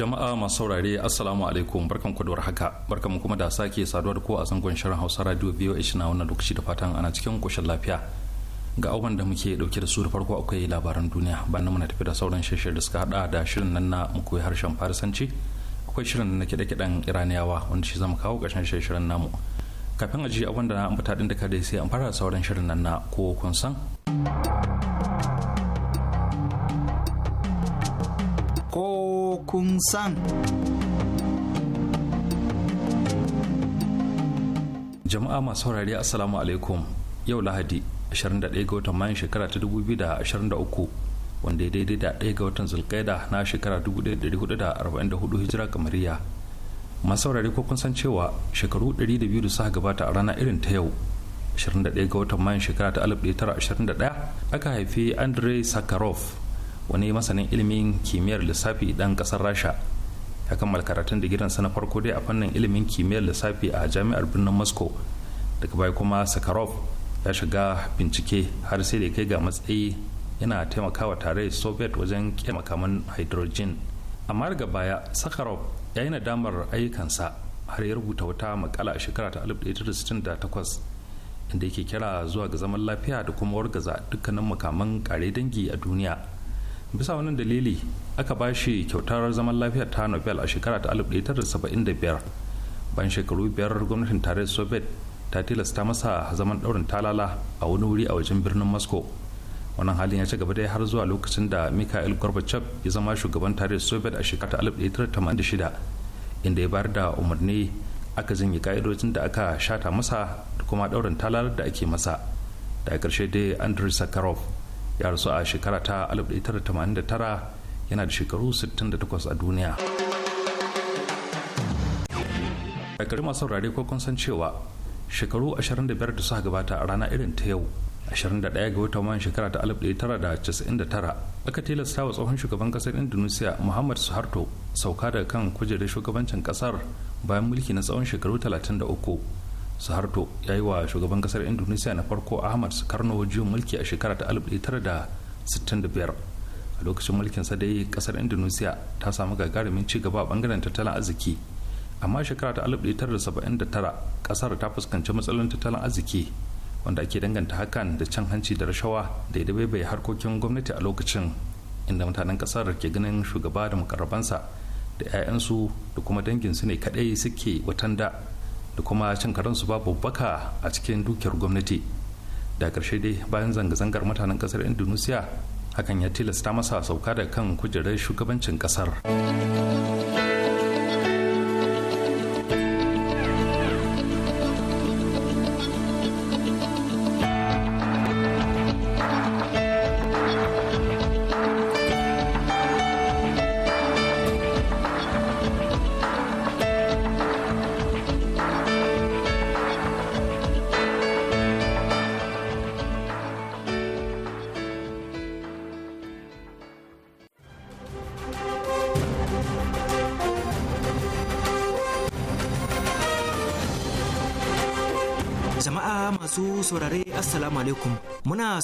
jama'a masu saurare assalamu alaikum barkan ku da warhaka barkan kuma da sake saduwa da ko a zangon shirin hausa radio biyo na wannan lokaci da fatan ana cikin koshin lafiya ga abubuwan da muke dauke da su da farko akwai labaran duniya bayan muna tafi da sauran shirye da suka hada da shirin nan na muku harshen farisanci akwai shirin na kiɗe-kiɗen iraniyawa wanda shi zama kawo ƙarshen shirin namu kafin a ji abin da na ambata din da kada sai an fara sauran shirin nan na ko kun san kun san. Jama'a masu saurari Assalamu alaikum yau Lahadi 21 ga watan mayan shekara ta 2023 wanda ya daidai da 1 ga watan zulkaida na shekara 1444 hijira kamariya. Masu saurari ko kun san cewa shekaru 200 da suka gabata a rana irin ta yau 21 ga watan mayan shekara ta 1921 aka haifi Andrei Sakharov wani masanin ilimin kimiyyar lissafi dan kasar rasha ya kammala karatun digirinsa na farko dai a fannin ilimin kimiyyar lissafi a jami'ar birnin moscow daga baya kuma sakharov ya shiga bincike har sai da kai ga matsayi yana taimakawa tare soviet wajen makaman hydrogen amma daga baya sakharov ya yi nadamar ayyukansa har ya rubuta wata makala a shekara ta 1968 inda yake kira zuwa ga zaman lafiya da kuma wargaza dukkanin makaman kare dangi a duniya bisa wani dalili aka ba shi kyautar zaman lafiya ta nobel a shekara ta 1975 bayan shekaru biyar gwamnatin tarayyar soviet ta tilasta masa zaman daurin talala a wani wuri a wajen birnin moscow wannan halin ya ci gaba dai har zuwa lokacin da mikhail gorbachev ya zama shugaban tarayyar soviet a shekara ta 1986 inda ya bayar da umarni aka zanyi ka'idojin da aka shata masa da kuma daurin talalar da ake masa da karshe dai andrei sakharov ya rasu a shekara ta 1989 yana da shekaru 68 a duniya a gari masu saurare ko kun san cewa shekaru 25 da suka gabata a rana irin ta yau 21 ga watan mayan shekara ta 1999 aka tilasta wa tsohon shugaban kasar indonesia muhammad suharto sauka daga kan kujerar shugabancin kasar bayan mulki na tsawon shekaru 33 suharto ya yi wa shugaban kasar indonesiya na farko ahmad sukarno juyin mulki a shekara ta 1965 a lokacin mulkin sa dai kasar indonesiya ta samu gagarumin ci gaba a bangaren tattalin arziki amma shekara ta 1979 kasar ta fuskanci matsalolin tattalin arziki wanda ake danganta hakan da can hanci da rashawa da ya bai harkokin gwamnati a lokacin inda mutanen kasar ke ganin shugaba da mukarrabansa da 'ya'yansu da kuma danginsu ne kadai suke watanda da kuma cin karansu babu baka a cikin dukiyar gwamnati da karshe dai bayan zanga-zangar mutanen kasar indonesia hakan ya tilasta masa sauka da kan kujerar shugabancin kasar.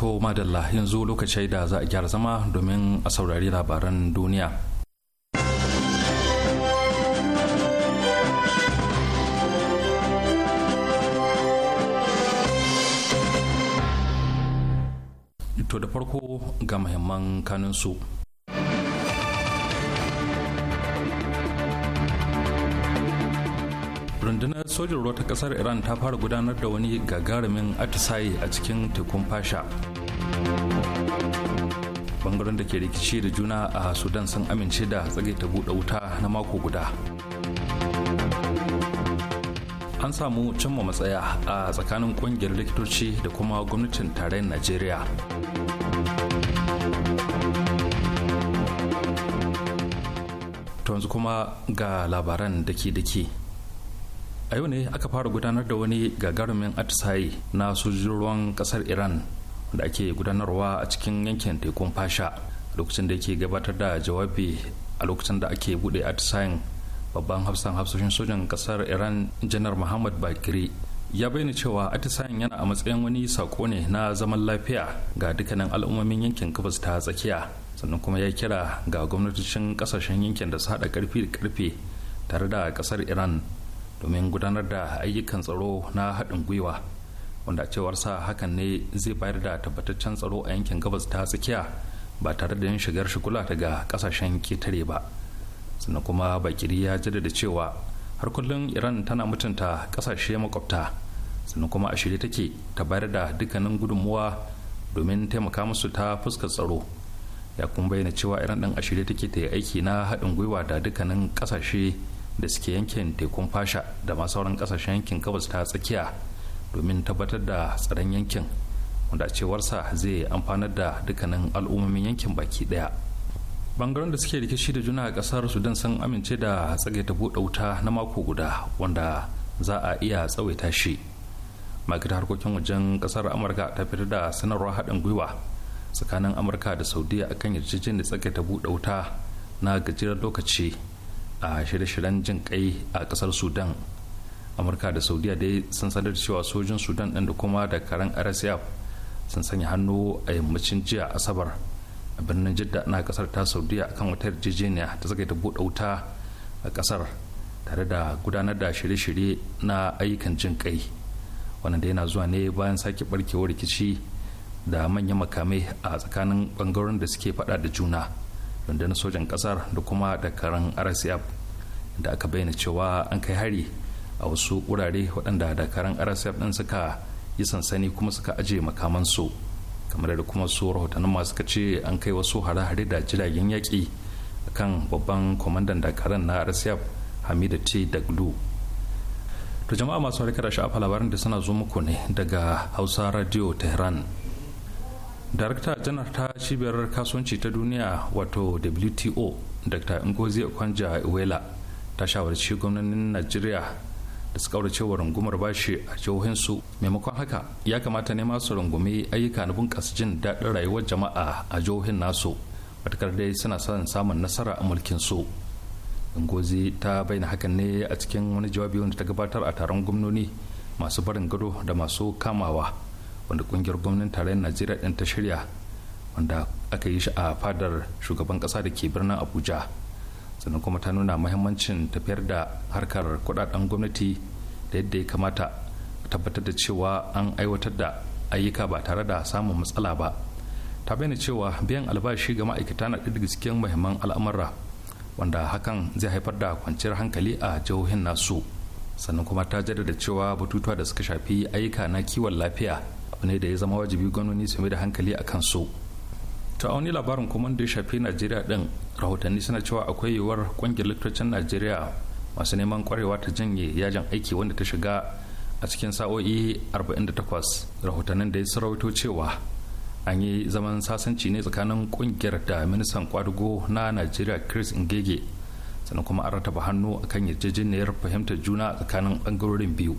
To madalla yanzu lokacin da za a gyara zama domin a saurari labaran duniya. To da farko ga muhimman kanin su. rundunar sojin ruwa ta kasar iran ta fara gudanar da wani gagarumin atisaye a cikin tekun fasha bangaren da ke rikici da juna a sudan sun amince da tsage ta buɗe wuta na mako guda an samu cimma matsaya a tsakanin ƙungiyar likitoci da kuma gwamnatin tarayyar najeriya yanzu kuma ga labaran dake-dake a yau ne aka fara gudanar da wani gagarumin atisaye na sojojin ruwan kasar iran da ake gudanarwa a cikin yankin tekun fasha lokacin da yake gabatar da jawabi a lokacin da ake bude atisayen babban hafsan hafsoshin sojan kasar iran janar muhammad bakiri ya bayyana cewa atisayen yana a matsayin wani sako ne na zaman lafiya ga dukkanin al'ummomin yankin gabas ta tsakiya sannan kuma ya kira ga gwamnatocin kasashen yankin da su haɗa karfi da karfe tare da kasar iran domin gudanar da ayyukan tsaro na haɗin gwiwa wanda cewar sa hakan ne zai bayar da tabbataccen tsaro a yankin gabas ta tsakiya ba tare da yin shigar shigula daga kasashen ketare ba sannan kuma bakiri ya jaddada cewa har kullum iran tana mutunta kasashe makwabta sannan kuma a shirye take ta bayar da dukkanin gudunmuwa domin taimaka musu ta fuskar tsaro ya kuma bayyana cewa iran ɗin a shirye take ta yi aiki na haɗin gwiwa da dukkanin kasashe da suke yankin tekun fasha da ma sauran kasashen yankin gabas ta tsakiya domin tabbatar da tsaron yankin wanda cewarsa zai amfanar da dukkanin al'ummomin yankin baki daya bangaren da suke rikici da juna a kasar sudan sun amince da tsagaita buɗe wuta na mako guda wanda za a iya tsawaita shi ma'aikatar harkokin wajen kasar amurka ta fitar da sanarwar haɗin gwiwa tsakanin amurka da saudiya akan yarjejeniyar tsagaita buɗe wuta na gajeren lokaci a shirye-shiryen jin kai a kasar sudan amurka da saudiya dai sun sanar da cewa sojin sudan ɗin da kuma da karen rsf sun sanya hannu a yammacin jiya asabar a birnin jidda na kasar ta saudiya akan wata yarjejeniya ta zaga da buɗe wuta a kasar tare da gudanar da shirye-shirye na ayyukan jin kai wannan da yana zuwa ne bayan sake barkewar rikici da manyan makamai a tsakanin bangaren da suke faɗa da juna rundunar sojan kasar da kuma dakarun rsf da aka bayyana cewa an kai hari a wasu wurare waɗanda dakarun rsf ɗin suka yi sansani kuma suka aje makamansu kamar da kuma su rahotannin masu kace ce an kai wasu hare-hare da jiragen yaƙi kan babban kwamandan dakarun na rsf hamida t daglu to jama'a masu harkar sha'afa labarin da suna zo muku ne daga hausa radio tehran darakta janar ta cibiyar kasuwanci ta duniya wato wto dr ngozi okonja iweala ta shawarci gwamnanin najeriya da su cewa rungumar bashi a jihohinsu maimakon haka ya kamata ne masu rungumi ayyuka na bunƙasa jin daɗin rayuwar jama'a a jihohin nasu matakar dai suna son samun nasara a mulkin su ngozi ta bayyana hakan ne a cikin wani jawabi wanda ta gabatar a taron gwamnoni masu barin gado da masu kamawa wanda kungiyar gwamnatin tarayyar najeriya din ta shirya wanda aka yi shi a fadar shugaban ƙasa da ke birnin abuja sannan kuma ta nuna mahimmancin tafiyar da harkar kudaden gwamnati da yadda ya kamata tabbatar da cewa an aiwatar da ayyuka ba tare da samun matsala ba ta bayyana cewa biyan albashi ga ma'aikata na ɗaya daga cikin muhimman al'amura wanda hakan zai haifar da kwanciyar hankali a jihohin nasu sannan kuma ta jaddada cewa batutuwa da suka shafi ayyuka na kiwon lafiya abu ne da ya zama wajibi gwamnoni su mai da hankali a kansu ta wani labarin kuma da ya shafi najeriya din rahotanni suna cewa akwai yiwuwar kungiyar likitocin najeriya masu neman kwarewa ta janye yajin aiki wanda ta shiga a cikin sa'o'i 48 rahotannin da ya sarauto cewa an yi zaman sasanci ne tsakanin kungiyar da ministan kwadugo na najeriya chris ngege sannan kuma an rataba hannu akan yarjejeniyar fahimtar juna tsakanin bangarorin biyu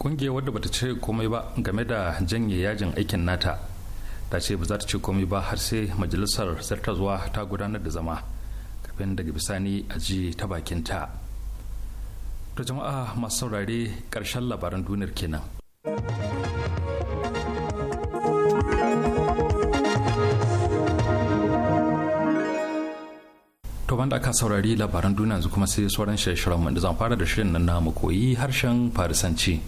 kungiyar wadda bata ce komai ba game da janye yajin aikin nata ta ce ba za ta ce komai ba har sai majalisar zuwa ta gudanar da zama kafin daga bisani a ji ta bakin ta to jama'a masu saurare karshen labaran duniyar kenan to banda aka saurari labaran duniya yanzu kuma sai sauran shirye-shiryen da zan fara da shirin nan na mu koyi harshen farisanci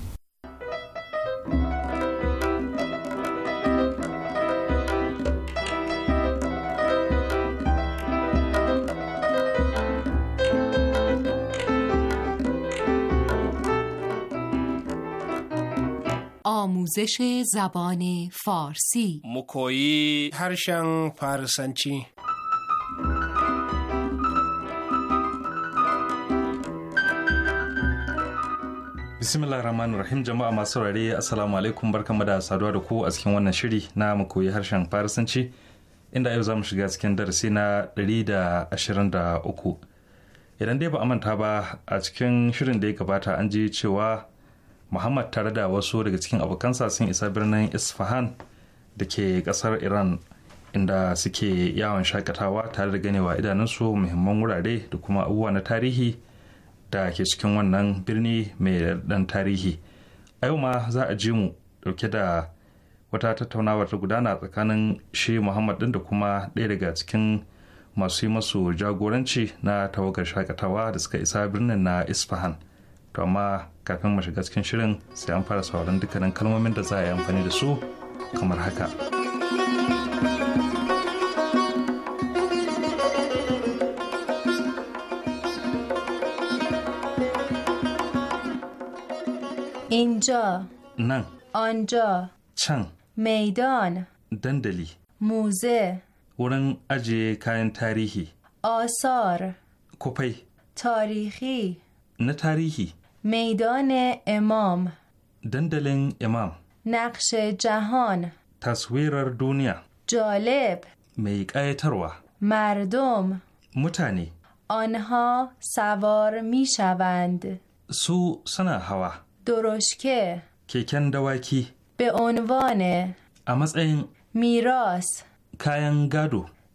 آموزش زبان فارسی مکویی هرشن فارسنچی bismillah rahman rahim jama'a masu saurare assalamu alaikum barkamu da saduwa da ku a cikin wannan shiri na mukoyi harshen farisanci inda yau za mu shiga cikin darasi na da uku idan dai ba a manta ba a cikin shirin da ya gabata an ji cewa muhammad tare da wasu daga cikin abokansa sun isa birnin isfahan da ke kasar iran inda suke yawon shakatawa tare da ganewa idanunsu muhimman wurare da kuma abubuwa na tarihi da ke cikin wannan birni mai dan tarihi a yau ma za a ji mu dauke da wata tattaunawa ta gudana tsakanin shi muhammad din da kuma ɗaya daga cikin masu yi masu jagoranci na tawagar shakatawa da suka isa birnin na isfahan to amma kafin mu shiga cikin shirin sai an fara sauran dukkanin kalmomin da za a yi amfani da su kamar haka اینجا nan آنجا چن میدان dandali. muze. wurin اجی kayan تاریخی آثار کپی tarihi. na tarihi. میدان امام دندلین امام نقش جهان تصویر دنیا جالب میقایتروا مردم متانی آنها سوار می شوند سو سنا هوا درشکه کیکن دواکی به عنوان امز این میراس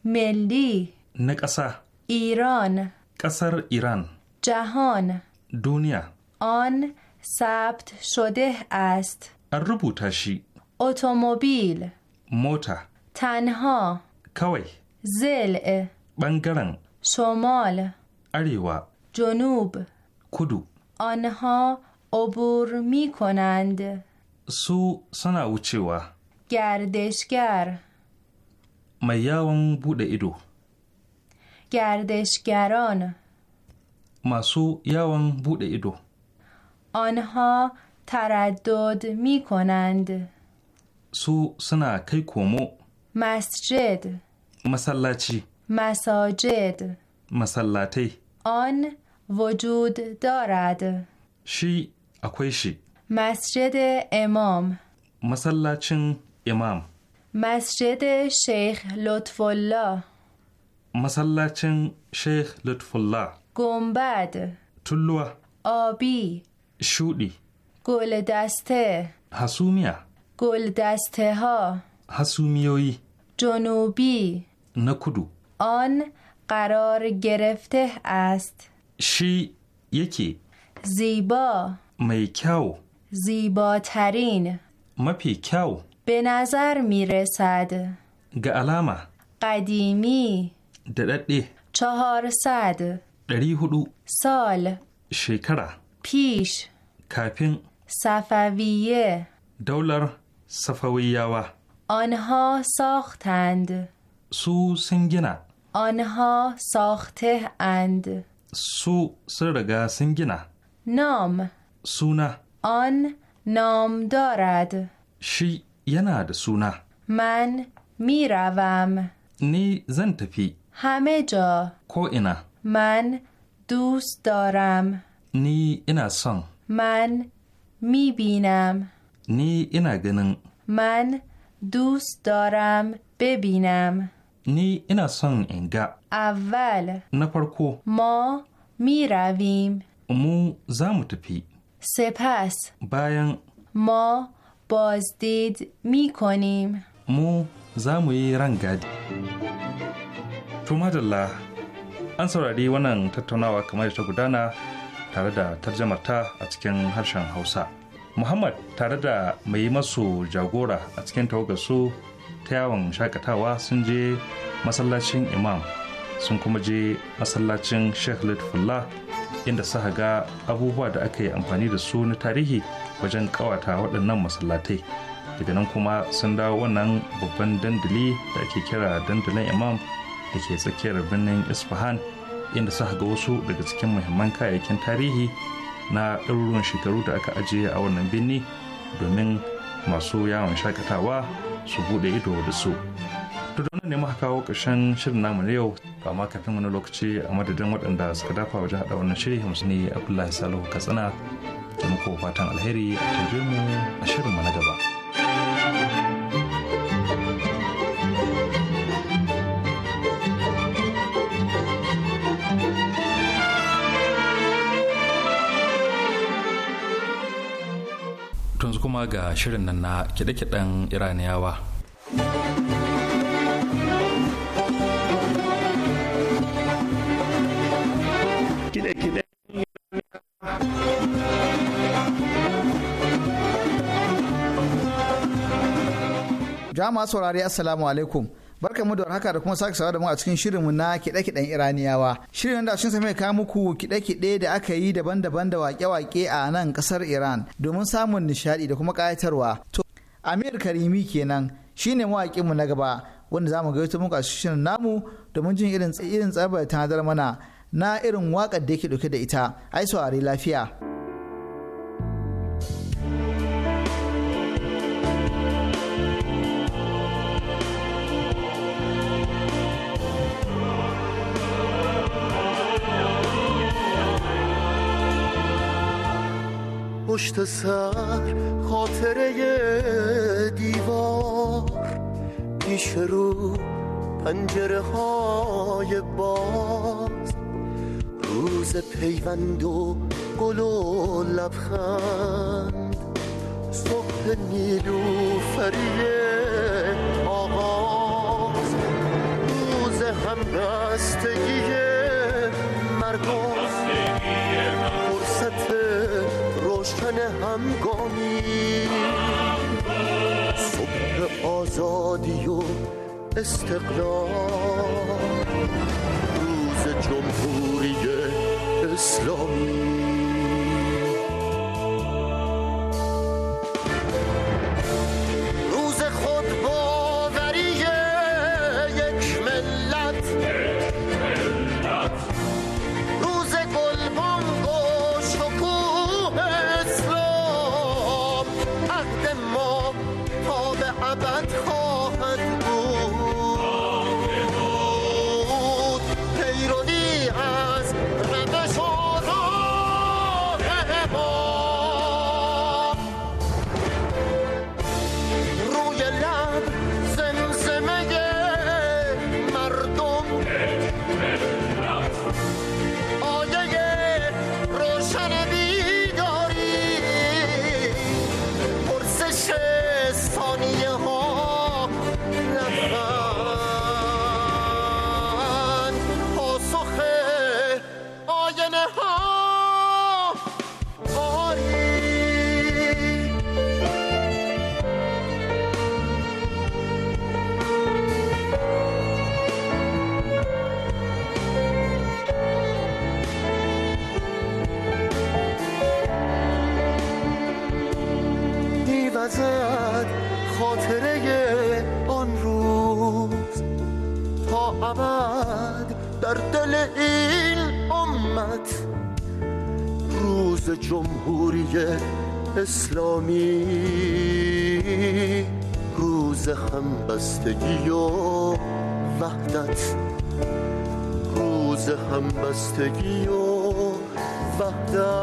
ملی نقصه ایران قصر ایران جهان دنیا آن ثبت شده است ان rubuta shi اتومبیل موتا تنها کوی زل بنگرن شمال اریوا جنوب کدو آنها عبور می کنند سو سنا وچیوا گردشگر میاون بوده ایدو گردشگران ماسو یاون بوده ایدو آنها تردد می کنند سو سنا کی کومو مسجد مسلاچی مساجد مسلاتی آن وجود دارد شی اکویشی مسجد امام مسلاچن امام مسجد شیخ لطف الله مسلاچن شیخ لطف الله گنبد تلوه آبی شودی گل دسته حسومیا گل دسته ها حسومیوی جنوبی نکدو آن قرار گرفته است شی یکی زیبا میکاو زیباترین مپی کاو به نظر میرسد گالاما قدیمی دردی چهارصد دری سال شکره پیش کپین صفویه دولر صفویاوا آنها ساختند سو سنگینا آنها ساخته اند سو سرگا سنگینا نام سونا آن نام دارد شی یناد د من میروم نی زن تفی همه جا کو اینا من دوست دارم Ni ina son. Man mi binam. Ni ina ganin. Man dus daram binam. Ni ina son in ga. Aval. Na farko. Ma mi ravim. Mu za mu tafi. Sepas. Bayan. Ma bazdid mi konim. Mu za mu yi rangadi. To madalla, an saurari wannan tattaunawa kamar ta gudana tare da tarjamarta a cikin harshen hausa muhammad tare da mai masu jagora a cikin su ta yawon shakatawa sun je masallacin imam sun kuma je masallacin sheikh lutfullah inda suka ga abubuwa da aka yi amfani da su na tarihi wajen kawata waɗannan masallatai daga nan kuma sun dawo wannan babban dandali da ake kira dandalin imam da ke tsakiyar birnin isfahan inda suka ga wasu daga cikin muhimman kayayyakin tarihi na ɗaruruwan shekaru da aka ajiye a wannan birni domin masu yawon shakatawa su buɗe ido da su. To da ne muka kawo ƙarshen shirin namu na yau amma kafin wani lokaci a madadin waɗanda suka dafa wajen haɗa wannan shiri hamsu ne Abdullahi Salihu Katsina da muku fatan alheri a tarbe mu a shirin mu na gaba. kuma ga shirin nan na kiɗe-kiɗen iraniyawa jama'a saurari assalamu alaikum barka mu da warhaka da kuma sake sawa da mu a cikin shirinmu na kiɗe-kiɗen iraniyawa shirin da cikin mai kawo muku kiɗe-kiɗe da aka yi daban-daban da wake-wake a nan ƙasar iran domin samun nishaɗi da kuma ƙayatarwa to amir karimi kenan shine mu na gaba wanda za mu ga muku muka shirin namu domin jin irin irin ta tanadar mana na irin waƙar da yake ɗauke da ita ai saurari lafiya. پشت سر خاطره دیوار پیش رو پنجره های باز روز پیوند و گل و لبخند صبح نیلوفری آغاز روز همبستگی مرگاز فرصت تن همگامی صبح آزادی و استقلال روز جمهوری اسلامی همبستگی و وحدت روز همبستگی و وحدت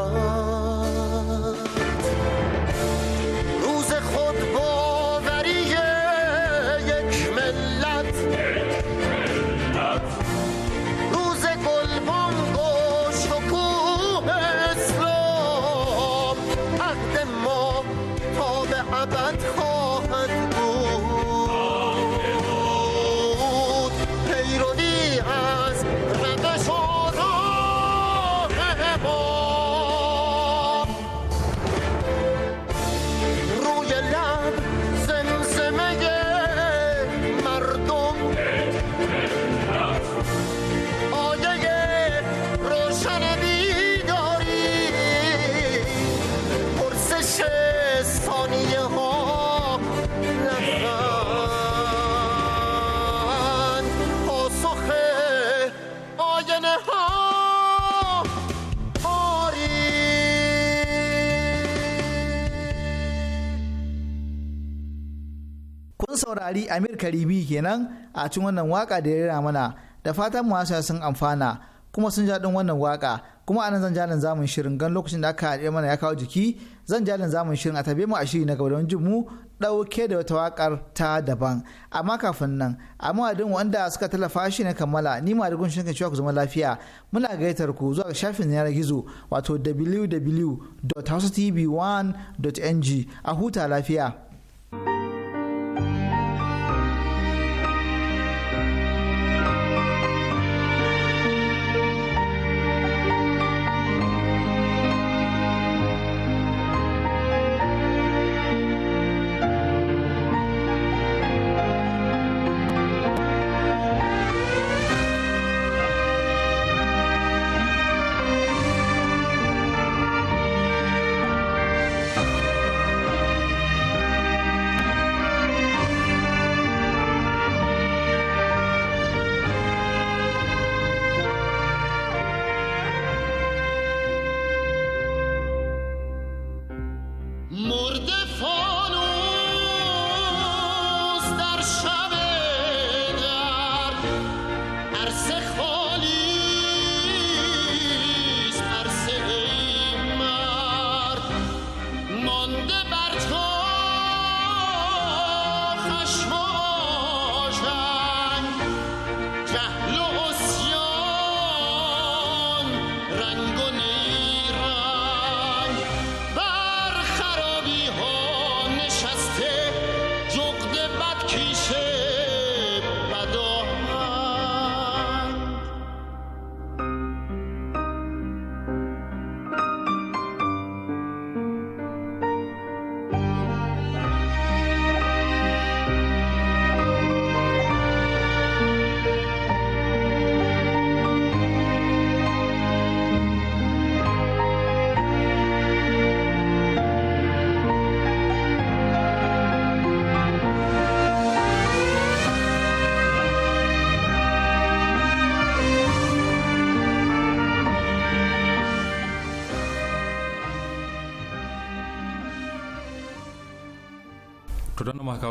kun saurari amir karibi kenan a cikin wannan waka da ya rera mana da fatan masu sun amfana kuma sun jaɗin wannan waka kuma anan zan jalin zamun shirin gan lokacin da aka haɗe mana ya kawo jiki zan jalin zamun shirin a tabe mu a shiri na gaba da mu ɗauke da wata wakar ta daban amma kafin nan a mawadin wanda suka tallafa shi na kammala ni ma da gunshin cewa ku zama lafiya muna gaitar ku zuwa shafin yanar gizo wato www.housetv1.ng a huta lafiya.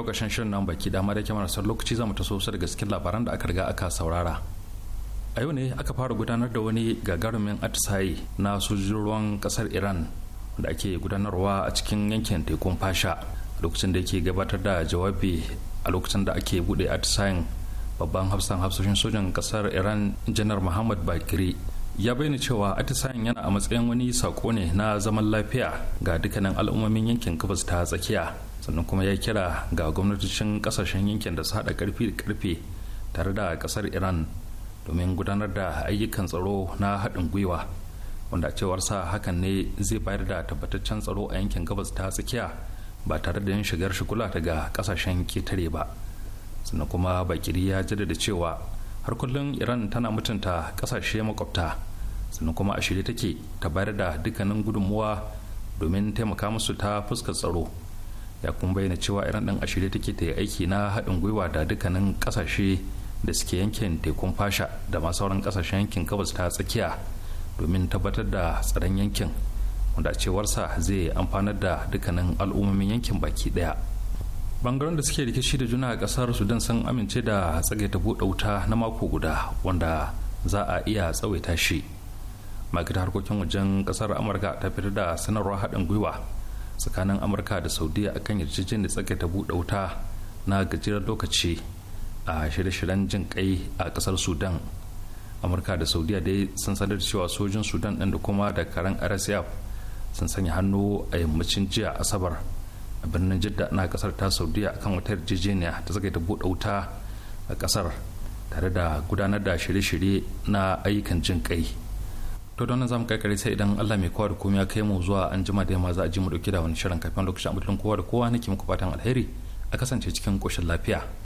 kawo ƙarshen shirin nan baki dama da kyamar sar lokaci zamu taso su da gaskin labaran da aka riga aka saurara a yau ne aka fara gudanar da wani gagarumin atisaye na sojojin ruwan ƙasar iran da ake gudanarwa a cikin yankin tekun fasha lokacin da yake gabatar da jawabi a lokacin da ake bude atisayen babban hafsan hafsoshin sojan kasar iran janar muhammad bakiri ya bayyana cewa atisayen yana a matsayin wani sako ne na zaman lafiya ga dukkanin al'ummomin yankin gabas ta tsakiya sannan kuma ya kira ga gwamnatocin kasashen yankin da su haɗa karfi da karfe tare da ƙasar iran domin gudanar da ayyukan tsaro na haɗin gwiwa wanda cewar sa hakan ne zai bayar da tabbataccen tsaro a yankin gabas ta tsakiya ba tare da yin shigar shigula daga kasashen ketare ba sannan kuma bakiri ya jaddada cewa har kullum iran tana mutunta ƙasashe makwabta sannan kuma a shirye take ta bayar da dukkanin gudunmuwa domin taimaka musu ta fuskar tsaro ya kuma bayyana cewa iran din a shirye take ta yi aiki na haɗin gwiwa da dukkanin ƙasashe da suke yankin tekun fasha da ma sauran ƙasashen yankin gabas ta tsakiya domin tabbatar da tsaron yankin wanda cewarsa zai amfanar da dukkanin al'ummomin yankin baki ɗaya bangaren da suke rikici da juna a ƙasar sudan sun amince da tsagaita buɗe wuta na mako guda wanda za a iya tsawaita shi ma'aikatar harkokin wajen ƙasar amurka ta fitar da sanarwar haɗin gwiwa tsakanin amurka da saudiya a akan yarjejeniyar tsaka ta buɗe wuta na gajeren lokaci a shirye-shiryen jin kai a ƙasar sudan amurka da saudiya dai sun sanar da cewa sojin sudan ɗin da kuma da karen rsf sun sanya hannu a yammacin jiya asabar a birnin jidda na ƙasar ta saudiya akan wata yarjejeniya ta tsaka ta buɗe wuta a ƙasar tare da gudanar da shirye-shirye na ayyukan jin kai to don zamu kai kare sai idan Allah mai kowa da komai ya kai mu zuwa an jima da yamma za a ji mu dauki da wani shirin kafin lokacin abudin kowa da kowa nake muku fatan alheri a kasance cikin koshin lafiya